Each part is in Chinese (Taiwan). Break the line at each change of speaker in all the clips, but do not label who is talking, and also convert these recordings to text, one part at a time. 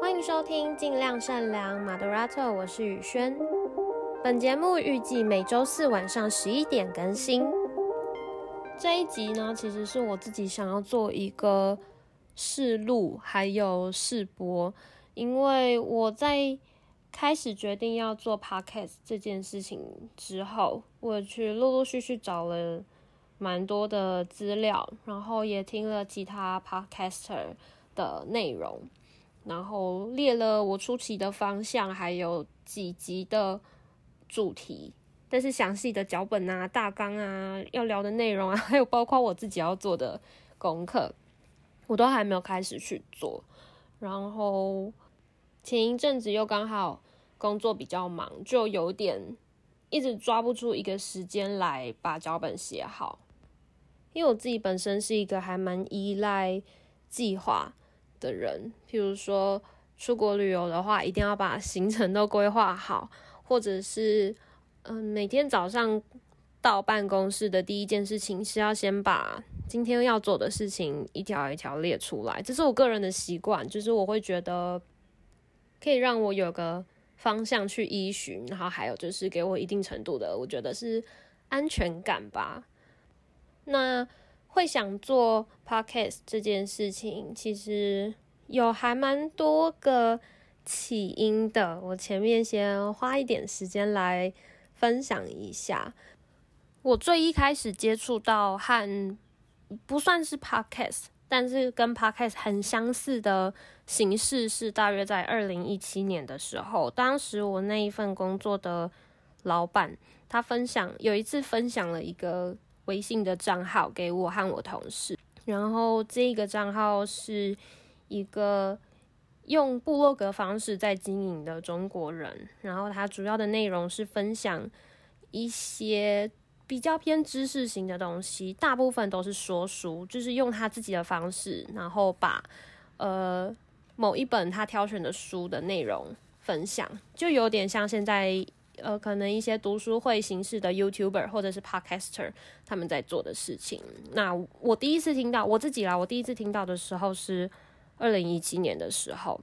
歡迎收聽《盡量善良》Moderato，我是宇軒。本節目預計每周四晚上十一點更新。這一集呢，其實是我自己想要做一個試錄，還有試播，因為我在。開始決定要做 podcast 這件事情之後，我去陸陸續續找了蠻多的資料，然後也聽了其他 podcaster 的內容，然後列了我初期的方向，還有幾集的主題，但是詳細的腳本啊、大綱啊、要聊的內容啊，還有包括我自己要做的功課，我都還沒有開始去做。然後前一陣子又剛好。工作比較忙，就有點一直抓不出一個時間來把腳本寫好。因為我自己本身是一個還蠻依賴計劃的人，譬如說出國旅遊的話，一定要把行程都規劃好，或者是嗯、呃，每天早上到辦公室的第一件事情是要先把今天要做的事情一條一條列出來，這是我個人的習慣，就是我會覺得可以讓我有個。方向去依循，然後還有就是給我一定程度的，我覺得是安全感吧。那會想做 Podcast 這件事情，其實有還蠻多個起因的。我前面先花一點時間來分享一下，我最一開始接觸到和不算是 Podcast。但是跟 Podcast 很相似的形式是，大約在二零一七年的時候，當時我那一份工作的老闆他分享，有一次分享了一個微信的賬號給我和我同事，然後這個賬號是一個用部落格方式在經營的中國人，然後他主要的內容是分享一些。比較偏知識型的東西，大部分都是說書，就是用他自己的方式，然後把呃某一本他挑選的書的內容分享，就有點像現在呃可能一些讀書會形式的 YouTuber 或者是 Podcaster 他們在做的事情。那我第一次聽到我自己啦，我第一次聽到的時候是二零一七年的時候。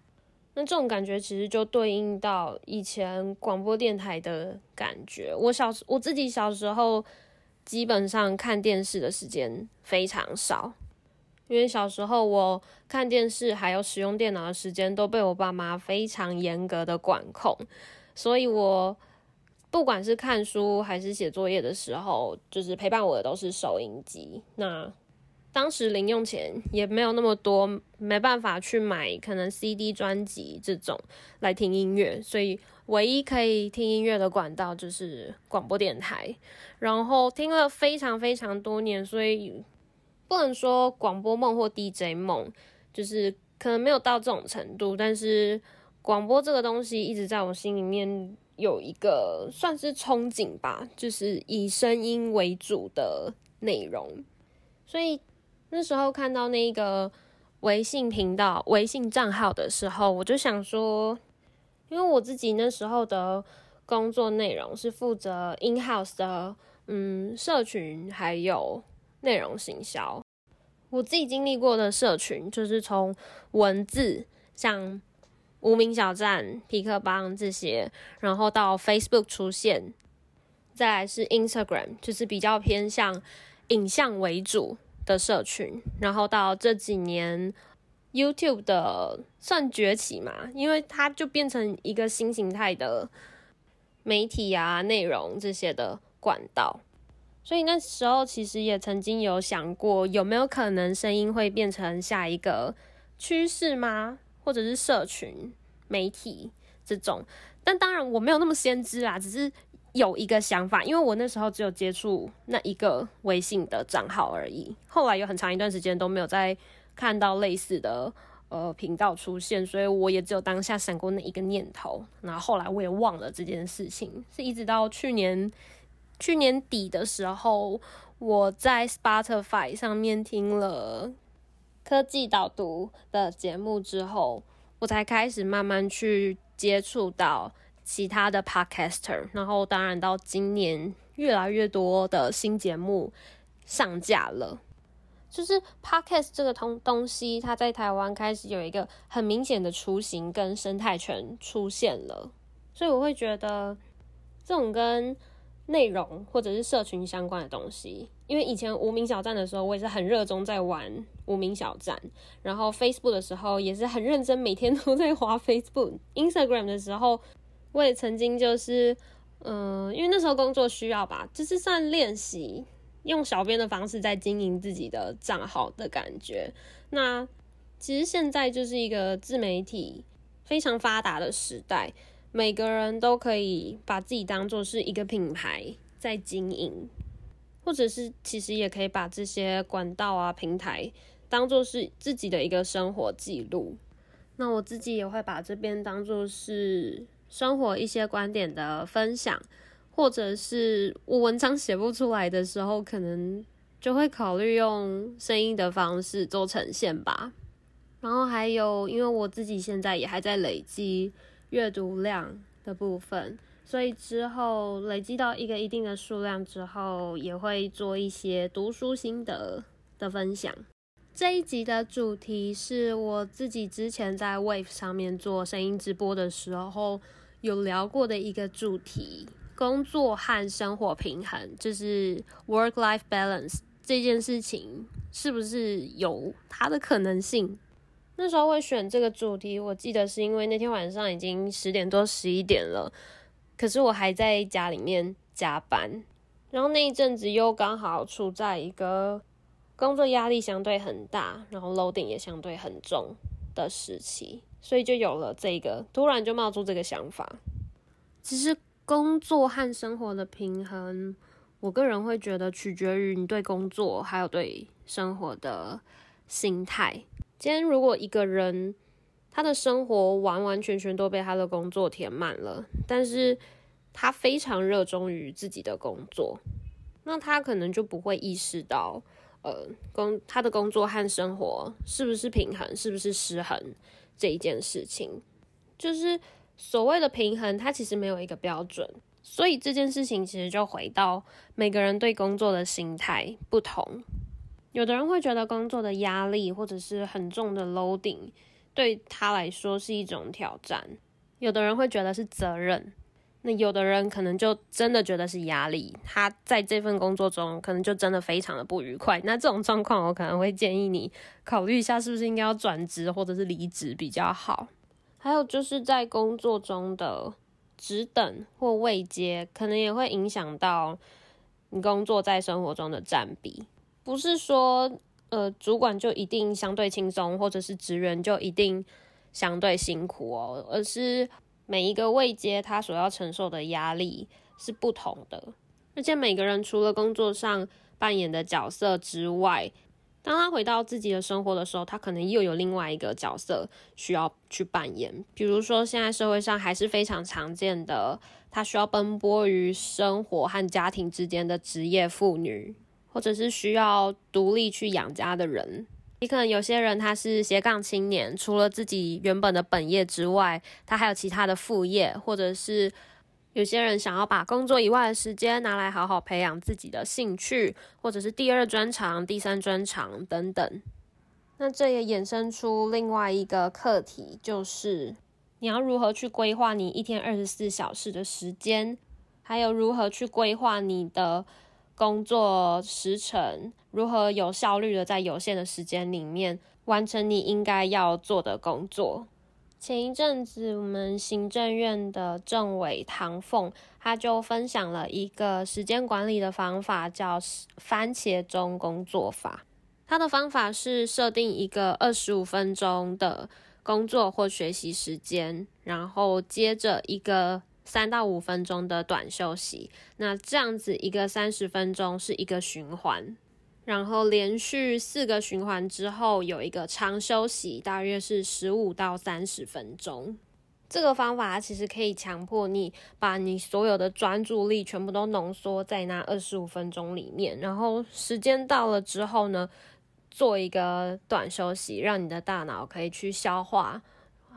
那這種感覺其實就對應到以前廣播電台的感覺。我小我自己小時候，基本上看電視的時間非常少，因為小時候我看電視還有使用電腦的時間都被我爸媽非常嚴格的管控，所以我不管是看書還是寫作業的時候，就是陪伴我的都是收音機。那當時零用錢也沒有那麼多，沒辦法去買可能 CD 專輯這種來聽音樂，所以唯一可以聽音樂的管道就是廣播電台，然後聽了非常非常多年，所以不能說廣播夢或 DJ 夢，就是可能沒有到這種程度，但是廣播這個東西一直在我心裡面有一個算是憧憬吧，就是以聲音為主的內容，所以。那時候看到那個微信頻道、微信賬號的時候，我就想說，因為我自己那時候的工作內容是負責 in house 的，嗯，社群還有內容行銷。我自己經歷過的社群就是從文字，像無名小站、痞客邦這些，然後到 Facebook 出現，再來是 Instagram，就是比較偏向影像為主。的社群，然後到這幾年，YouTube 的算崛起嘛，因為它就變成一個新形態的媒體啊、內容這些的管道。所以那時候其實也曾經有想過，有沒有可能聲音會變成下一個趨勢嗎？或者是社群媒體這種？但當然我沒有那麼先知啦，只是。有一個想法，因為我那時候只有接觸那一個微信的賬號而已，後來有很長一段時間都沒有再看到類似的呃頻道出現，所以我也只有當下閃過那一個念頭，然後後來我也忘了這件事情，是一直到去年去年底的時候，我在 Spotify 上面聽了科技導讀的節目之後，我才開始慢慢去接觸到。其他的 Podcaster，然後當然到今年越來越多的新節目上架了，就是 Podcast 這個東東西，它在台灣開始有一個很明顯的雛形跟生態圈出現了，所以我會覺得這種跟內容或者是社群相關的東西，因為以前無名小站的時候，我也是很熱衷在玩無名小站，然後 Facebook 的時候也是很認真每天都在滑 Facebook，Instagram 的時候。我也曾經就是，嗯、呃，因為那時候工作需要吧,就是算練習用小編的方式在經營自己的賬號的感覺。那其實現在就是一個自媒體非常發達的時代,每個人都可以把自己當做是一個品牌在經營,或者是其實也可以把這些管道啊平台當做是自己的一個生活記錄。那我自己也會把這邊當做是。生活一些觀點的分享，或者是我文章寫不出來的時候，可能就會考慮用聲音的方式做呈現吧。然後還有，因為我自己現在也還在累積閱讀量的部分，所以之後累積到一個一定的數量之後，也會做一些讀書心得的分享。這一集的主題是我自己之前在 Wave 上面做聲音直播的時候，有聊過的一個主題，工作和生活平衡，就是 work life balance 這件事情，是不是有它的可能性？那時候會選這個主題，我記得是因為那天晚上已經十點多、十一點了，可是我還在家裡面加班，然後那一陣子又剛好處在一個工作壓力相對很大，然後 loading 也相對很重，的時期，所以就有了這個突然就冒出這個想法。其實工作和生活的平衡，我個人會覺得取決於你對工作還有對生活的心態。今天如果一個人他的生活完完全全都被他的工作填滿了，但是他非常熱衷於自己的工作，那他可能就不會意識到。呃，工，他的工作和生活是不是平衡，是不是失衡這一件事情，就是所謂的平衡，它其實沒有一個標準，所以這件事情其實就回到每個人對工作的心態不同。有的人會覺得工作的壓力或者是很重的 loading 對他來說是一種挑戰，有的人會覺得是責任。那有的人可能就真的覺得是壓力，他在這份工作中可能就真的非常的不愉快。那這種狀況，我可能會建議你考慮一下，是不是應該要轉職或者是離職比較好。還有就是在工作中的職等或位階，可能也會影響到你工作在生活中的佔比。不是說呃主管就一定相對輕鬆，或者是職員就一定相對辛苦哦，而是。每一個位階，他所要承受的壓力是不同的，而且每個人除了工作上扮演的角色之外，當他回到自己的生活的時候，他可能又有另外一個角色需要去扮演。比如說，現在社會上還是非常常見的，他需要奔波於生活和家庭之間的職業婦女，或者是需要獨立去養家的人。可能有些人他是斜槓青年，除了自己原本的本業之外，他還有其他的副業，或者是有些人想要把工作以外的時間拿來好好培養自己的興趣，或者是第二專長、第三專長等等。那這也衍生出另外一個課題，就是你要如何去規劃你一天二十四小時的時間，還有如何去規劃你的。工作時程，如何有效率的在有限的時間裡面完成你應該要做的工作？前一陣子，我們行政院的政委唐鳳，他就分享了一個時間管理的方法，叫番茄鐘工作法。他的方法是設定一個二十五分鐘的工作或學習時間，然後接着一個。三到五分鐘的短休息，那這樣子一個三十分鐘是一個循環，然後連續四個循環之後有一個長休息，大約是十五到三十分鐘。這個方法其實可以強迫你把你所有的專注力全部都濃縮在那二十五分鐘裡面，然後時間到了之後呢，做一個短休息，讓你的大腦可以去消化，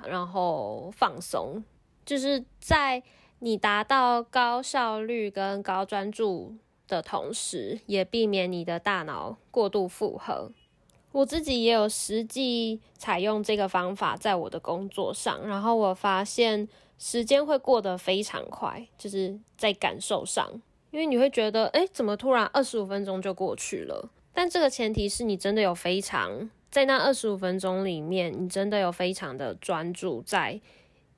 然後放鬆。就是在你達到高效率跟高專注的同時，也避免你的大腦過度負荷。我自己也有實際採用這個方法，在我的工作上，然後我發現時間會過得非常快，就是在感受上，因為你會覺得，哎、欸，怎麼突然二十五分鐘就過去了？但這個前提是你真的有非常，在那二十五分鐘裡面，你真的有非常的專注在。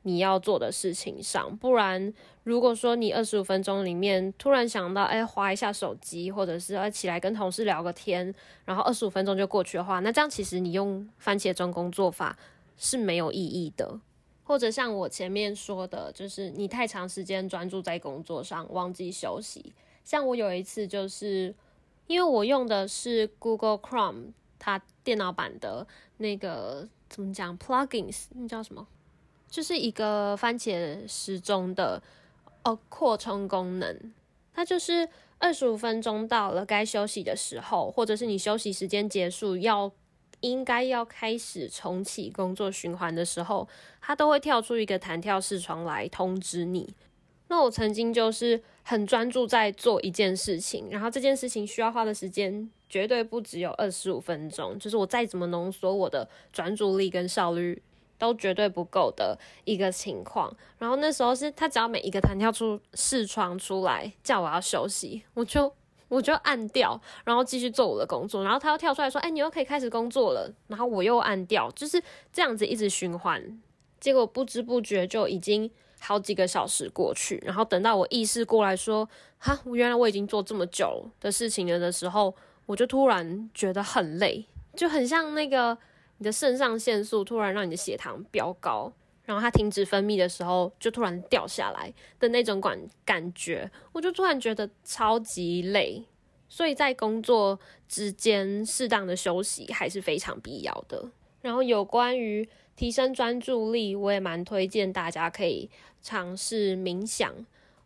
你要做的事情上，不然如果說你二十五分鐘裡面突然想到，哎，滑一下手機，或者是哎起來跟同事聊個天，然後二十五分鐘就過去的話，那這樣其實你用番茄鐘工作法是沒有意義的。或者像我前面說的，就是你太長時間專注在工作上，忘記休息。像我有一次就是，因為我用的是 Google Chrome，它電腦版的那個，怎麼講，plugins，你叫什麼？就是一個番茄時鐘的哦擴充功能，它就是二十五分鐘到了該休息的時候，或者是你休息時間結束要應該要開始重啟工作循環的時候，它都會跳出一個彈跳視窗來通知你。那我曾經就是很專注在做一件事情，然後這件事情需要花的時間絕對不只有二十五分鐘，就是我再怎麼濃縮我的專注力跟效率都絕對不夠的一個情況，然後那時候是他只要每一個彈跳出視窗出來叫我要休息，我就我就按掉，然後繼續做我的工作，然後他又跳出來說，哎、欸，你又可以開始工作了，然後我又按掉，就是這樣子一直循環，結果不知不覺就已經好幾個小時過去，然後等到我意識過來說，哈，原來我已經做這麼久的事情了的時候，我就突然覺得很累，就很像那個。你的腎上腺素突然讓你的血糖飆高，然後它停止分泌的時候，就突然掉下來的那種感感覺，我就突然覺得超級累。所以在工作之間適當的休息還是非常必要的。然後有關於提升專注力，我也蠻推薦大家可以嘗試冥想。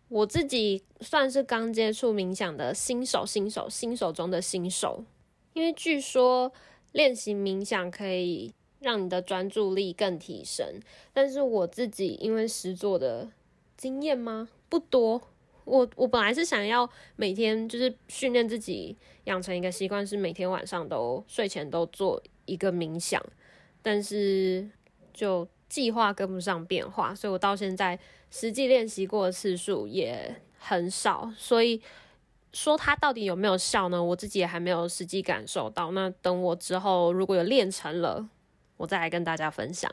我自己算是剛接觸冥想的新手，新手，新手中的新手，因為據說。練習冥想可以讓你的專注力更提升，但是我自己因為實作的經驗嗎不多，我我本來是想要每天就是訓練自己養成一個習慣，是每天晚上都睡前都做一個冥想，但是就計劃跟不上變化，所以我到現在實際練習過的次數也很少，所以，說它到底有沒有效呢？我自己也還沒有實際感受到。那等我之後如果有練成了，我再來跟大家分享。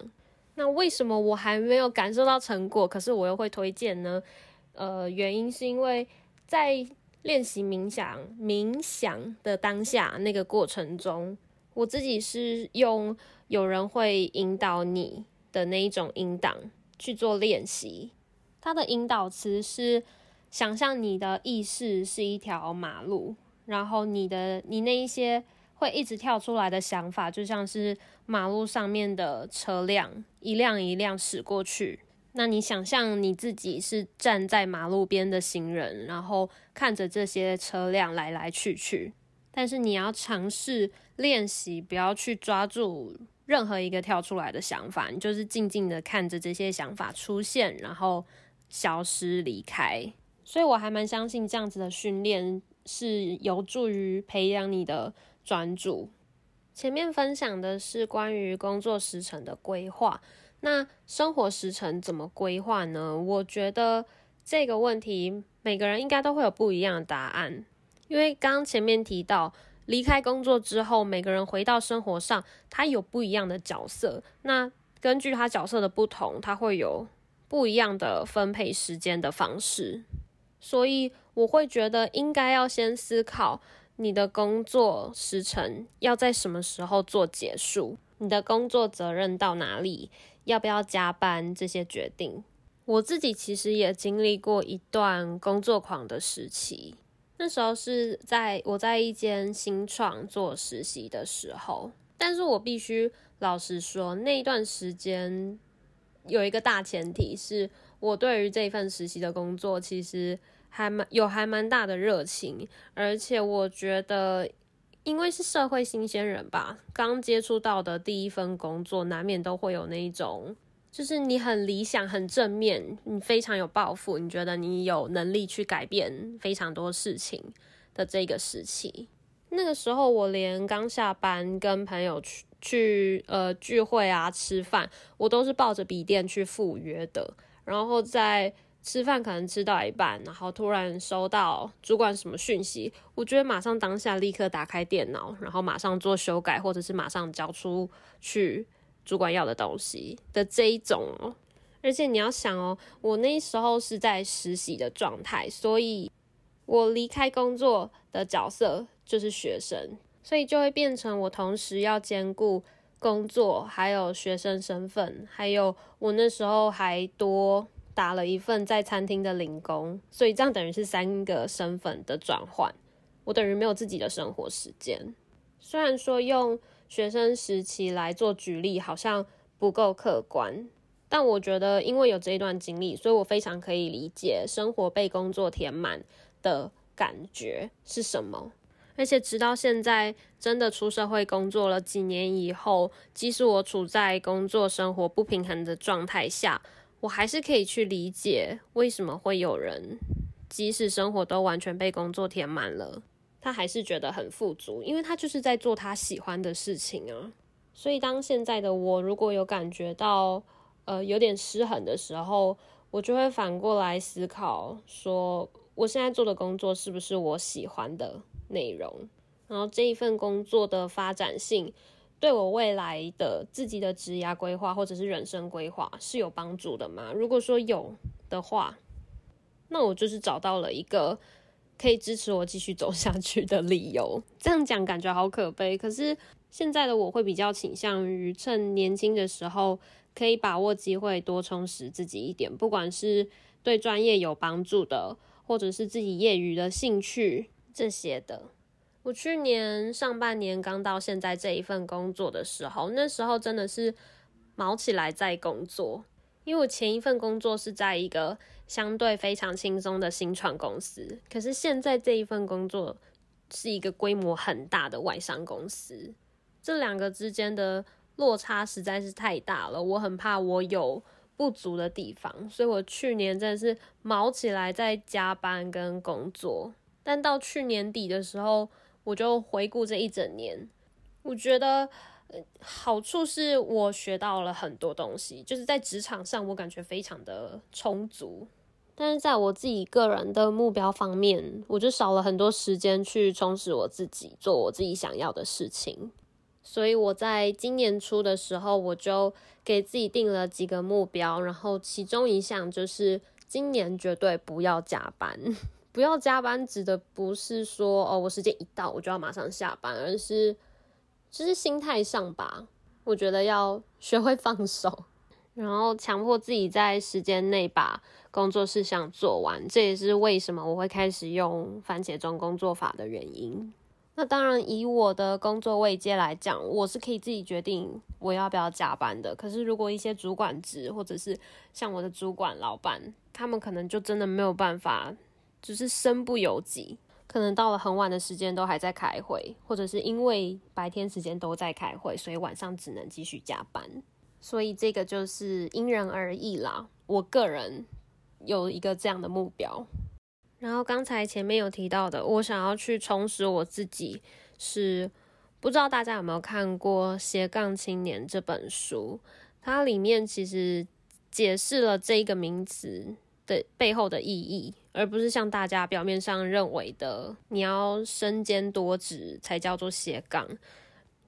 那為什麼我還沒有感受到成果，可是我又會推薦呢？呃，原因是因為在練習冥想，冥想的當下那個過程中，我自己是用有人會引導你的那一種引導去做練習，它的引導詞是。想象你的意識是一條馬路，然後你的你那一些會一直跳出來的想法，就像是馬路上面的車輛，一輛一輛駛過去。那你想象你自己是站在馬路邊的行人，然後看着這些車輛來來去去。但是你要嘗試練習，不要去抓住任何一個跳出來的想法，你就是靜靜的看着這些想法出現，然後消失離開。所以，我還蠻相信這樣子的訓練是有助於培養你的專注。前面分享的是關於工作時程的規劃，那生活時程怎麼規劃呢？我覺得這個問題每個人應該都會有不一樣的答案，因為剛剛前面提到，離開工作之後，每個人回到生活上，他有不一樣的角色，那根據他角色的不同，他會有不一樣的分配時間的方式。所以我會覺得應該要先思考你的工作時程要在什麼時候做結束，你的工作責任到哪裡，要不要加班這些決定。我自己其實也經歷過一段工作狂的時期，那時候是在我在一間新創做實習的時候，但是我必須老實說，那一段時間有一個大前提是。我對於這份實習的工作，其實還蠻有還蠻大的熱情，而且我覺得，因為是社會新鮮人吧，剛接觸到的第一份工作，難免都會有那一種，就是你很理想、很正面，你非常有抱負，你覺得你有能力去改變非常多事情的這個時期。那個時候，我連剛下班跟朋友去去呃聚會啊、吃飯，我都是抱着筆電去赴約的。然後在吃飯，可能吃到一半，然後突然收到主管什麼訊息，我覺得馬上當下立刻打開電腦，然後馬上做修改，或者是馬上交出去主管要的東西的這一種。而且你要想哦，我那時候是在實習的狀態，所以我離開工作的角色就是學生，所以就會變成我同時要兼顧。工作，還有學生身份，還有我那時候還多打了一份在餐廳的零工，所以這樣等於是三個身份的轉換，我等於沒有自己的生活時間。雖然說用學生時期來做舉例好像不夠客觀，但我覺得因為有這一段經歷，所以我非常可以理解生活被工作填滿的感覺是什麼。而且直到現在，真的出社會工作了幾年以後，即使我處在工作生活不平衡的狀態下，我還是可以去理解為什麼會有人，即使生活都完全被工作填滿了，他還是覺得很富足，因為他就是在做他喜歡的事情啊。所以，當現在的我如果有感覺到呃有點失衡的時候，我就會反過來思考說，說我現在做的工作是不是我喜歡的？內容，然後這一份工作的發展性對我未來的自己的職業規劃或者是人生規劃是有幫助的嗎？如果說有的話，那我就是找到了一個可以支持我繼續走下去的理由。這樣講感覺好可悲，可是現在的我會比較傾向於趁年輕的時候可以把握機會多充實自己一點，不管是對專業有幫助的，或者是自己業餘的興趣。這些的，我去年上半年剛到現在這一份工作的時候，那時候真的是卯起來在工作。因為我前一份工作是在一個相對非常輕鬆的新創公司，可是現在這一份工作是一個規模很大的外商公司，這兩個之間的落差實在是太大了。我很怕我有不足的地方，所以我去年真的是卯起來在加班跟工作。但到去年底的時候，我就回顧這一整年，我覺得、呃、好處是我學到了很多東西，就是在職場上我感覺非常的充足，但是在我自己個人的目標方面，我就少了很多時間去充實我自己，做我自己想要的事情。所以我在今年初的時候，我就給自己定了幾個目標，然後其中一項就是今年絕對不要加班。不要加班，指的不是說哦，我時間一到我就要馬上下班，而是就是心態上吧。我覺得要學會放手， 然後強迫自己在時間內把工作事項做完。這也是為什麼我會開始用番茄鐘工作法的原因。那當然，以我的工作位階來講，我是可以自己決定我要不要加班的。可是，如果一些主管職或者是像我的主管老闆，他們可能就真的沒有辦法。只是身不由己，可能到了很晚的時間都還在開會，或者是因為白天時間都在開會，所以晚上只能繼續加班。所以這個就是因人而異啦。我個人有一個這樣的目標。然後剛才前面有提到的，我想要去充實我自己，是不知道大家有沒有看過《斜槓青年》這本書？它裡面其實解釋了這一個名詞。的背後的意義，而不是像大家表面上認為的，你要身兼多職才叫做斜槓。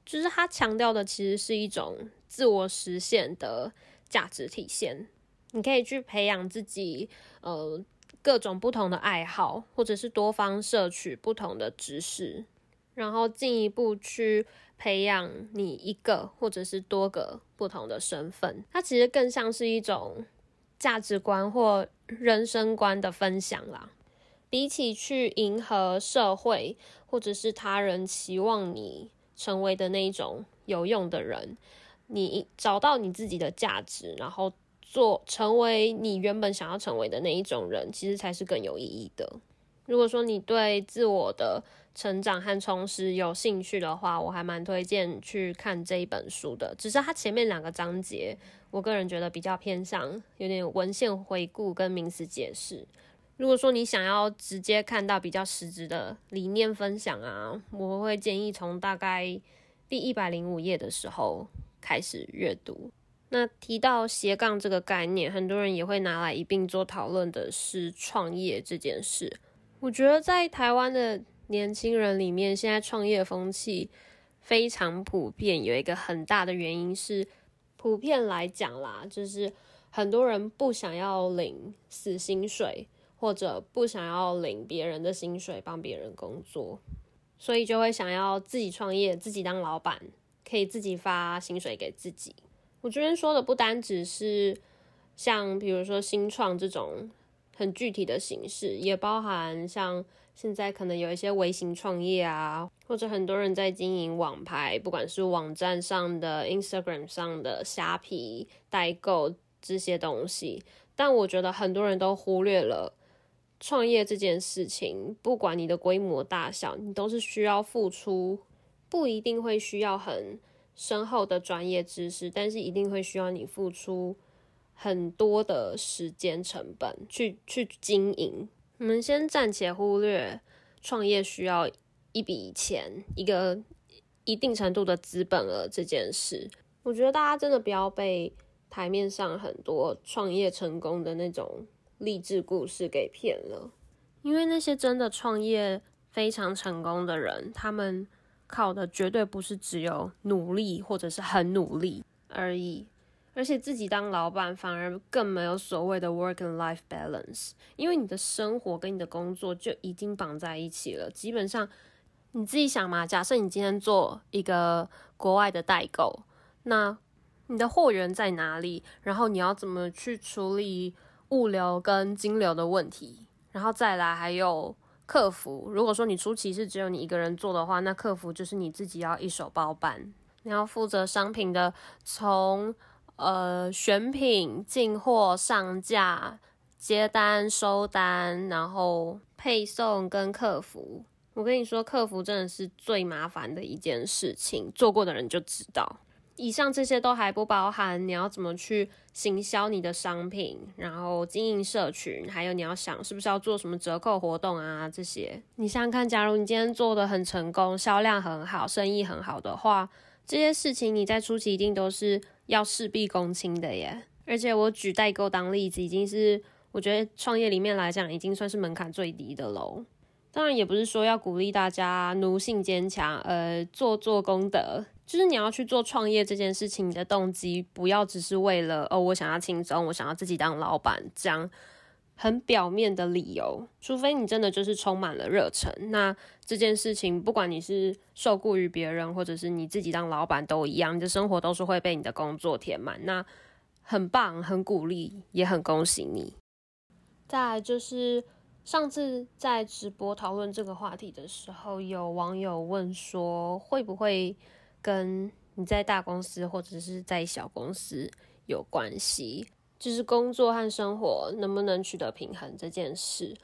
就是它強調的，其實是一種自我實現的價值體現。你可以去培養自己呃各種不同的愛好，或者是多方攝取不同的知識，然後進一步去培養你一個或者是多個不同的身份。它其實更像是一種。價值觀或人生觀的分享啦，比起去迎合社會或者是他人期望你成為的那一種有用的人，你找到你自己的價值，然後做，成為你原本想要成為的那一種人，其實才是更有意義的。如果說你對自我的成長和充實有興趣的話，我還蠻推薦去看這一本書的，只是它前面兩個章節。我個人覺得比較偏向，有點文獻回顧跟名詞解釋。如果說你想要直接看到比較實質的理念分享啊，我會建議從大概第一百零五頁的時候開始閱讀。那提到斜槓這個概念，很多人也會拿來一併做討論的是創業這件事。我覺得在台灣的年輕人裡面，現在創業風氣非常普遍，有一個很大的原因是。普遍來講啦，就是很多人不想要領死薪水，或者不想要領別人的薪水幫別人工作，所以就會想要自己創業、自己當老闆，可以自己發薪水給自己。我這邊說的不單只是像比如說新創這種很具體的形式，也包含像。現在可能有一些微型創業啊，或者很多人在經營網拍，不管是網站上的、Instagram 上的蝦皮代購這些東西，但我覺得很多人都忽略了創業這件事情。不管你的規模大小，你都是需要付出，不一定會需要很深厚的專業知識，但是一定會需要你付出很多的時間成本去去經營。我們先暫且忽略創業需要一筆錢、一個一定程度的資本額，這件事。我覺得大家真的不要被台面上很多創業成功的那種勵志故事給騙了，因為那些真的創業非常成功的人，他們靠的絕對不是只有努力或者是很努力而已。而且自己當老闆反而更沒有所謂的 work and life balance，因為你的生活跟你的工作就已經綁在一起了。基本上你自己想嘛，假設你今天做一個國外的代購，那你的貨源在哪裡？然後你要怎麼去處理物流跟金流的問題？然後再來還有客服，如果說你出其是只有你一個人做的話，那客服就是你自己要一手包辦，你要負責商品的從。呃，選品、進貨、上架、接單、收單，然後配送跟客服。我跟你說，客服真的是最麻煩的一件事情，做過的人就知道。以上這些都還不包含你要怎麼去行銷你的商品，然後經營社群，還有你要想是不是要做什麼折扣活動啊這些。你想想看，假如你今天做得很成功，銷量很好，生意很好的話，這些事情你在初期一定都是。要事必躬親的耶，而且我舉代購當例子，已經是我覺得創業裡面來講，已經算是門檻最低的嘍。當然也不是說要鼓勵大家奴性堅強，呃，做做功德，就是你要去做創業這件事情的動機，不要只是為了哦，我想要輕鬆，我想要自己當老闆這樣。很表面的理由，除非你真的就是充滿了熱忱，那這件事情不管你是受雇於別人，或者是你自己當老闆都一樣，你的生活都是會被你的工作填滿。那很棒，很鼓勵，也很恭喜你。再來就是上次在直播討論這個話題的時候，有網友問說，會不會跟你在大公司或者是在小公司有關係？就是工作和生活能不能取得平衡這件事，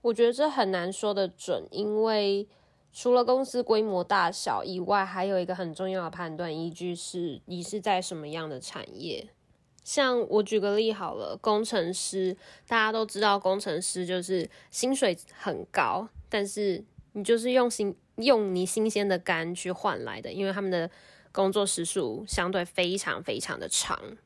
我覺得這很難說得準，因為除了公司規模大小以外，還有一個很重要的判斷依據是你是在什麼樣的產業。像我舉個例好了，工程師大家都知道，工程師就是薪水很高，但是你就是用新用你新鮮的肝去換來的，因為他們的工作時數相對非常非常的長。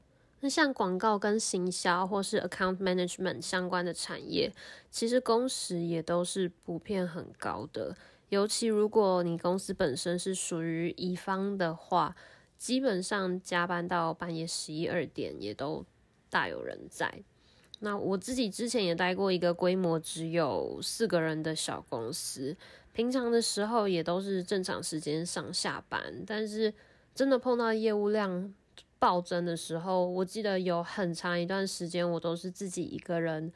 那像廣告跟行銷或是 account management 相關的產業，其實工時也都是普遍很高的。尤其如果你公司本身是屬於乙方的話，基本上加班到半夜十一二點也都大有人在。那我自己之前也待過一個規模只有四個人的小公司，平常的時候也都是正常時間上下班，但是真的碰到的業務量。暴增的時候，我記得有很長一段時間，我都是自己一個人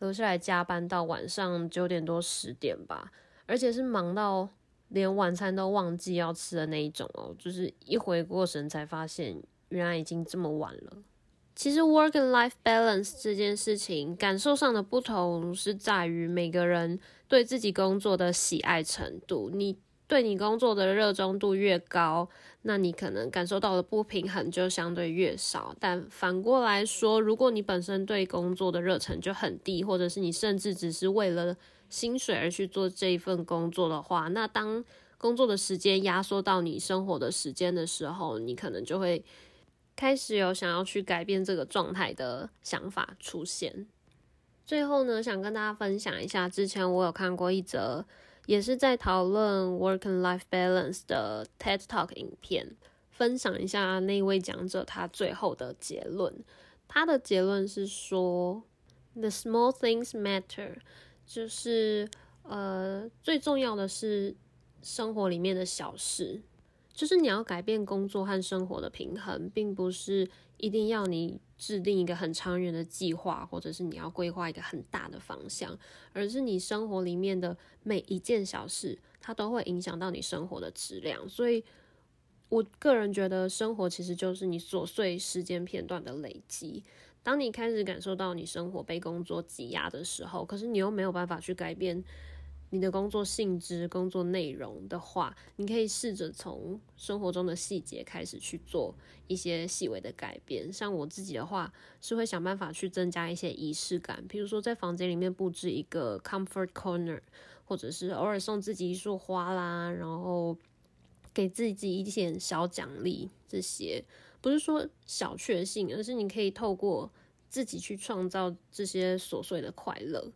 留下來加班到晚上九點多十點吧，而且是忙到連晚餐都忘記要吃的那一種哦，就是一回過神才發現，原來已經這麼晚了。其實 work and life balance 這件事情，感受上的不同是在於每個人對自己工作的喜愛程度，你對你工作的熱衷度越高，那你可能感受到的不平衡就相對越少。但反過來說，如果你本身對工作的熱忱就很低，或者是你甚至只是為了薪水而去做這一份工作的話，那當工作的時間壓縮到你生活的時間的時候，你可能就會開始有想要去改變這個狀態的想法出現。最後呢，想跟大家分享一下，之前我有看過一則，也是在討論 Work and Life Balance 的 TED Talk 影片，分享一下那一位講者他最後的結論。他的結論是說，The small things matter，就是呃最重要的是生活裡面的小事，就是你要改變工作和生活的平衡，並不是，一定要你制定一個很長遠的計劃，或者是你要規劃一個很大的方向。而是你生活裡面的每一件小事，它都會影響到你生活的質量。所以我個人覺得，生活其實就是你瑣碎時間片段的累積。當你開始感受到你生活被工作擠壓的時候，可是你又沒有辦法去改變。你的工作性質、工作內容的話，你可以試着從生活中的細節開始去做一些細微的改變。像我自己的話，是會想辦法去增加一些儀式感，比如說在房間裡面布置一個 comfort corner，或者是偶爾送自己一束花啦，然後給自己一些小獎勵。這些不是說小確幸，而是你可以透過自己去創造這些瑣碎的快樂。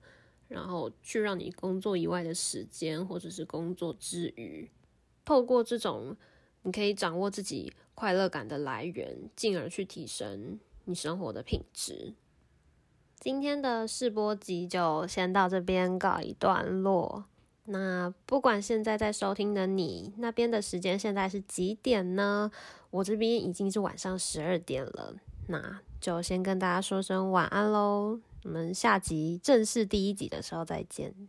然後去讓你工作以外的時間，或者是工作之餘，透過這種，你可以掌握自己快樂感的來源，進而去提升你生活的品質。今天的試播集就先到這邊告一段落。那不管現在在收聽的你，那邊的時間，現在是幾點呢？我這邊已經是晚上十二點了。那就先跟大家說聲晚安嘍。我們下集正式第一集的時候再見。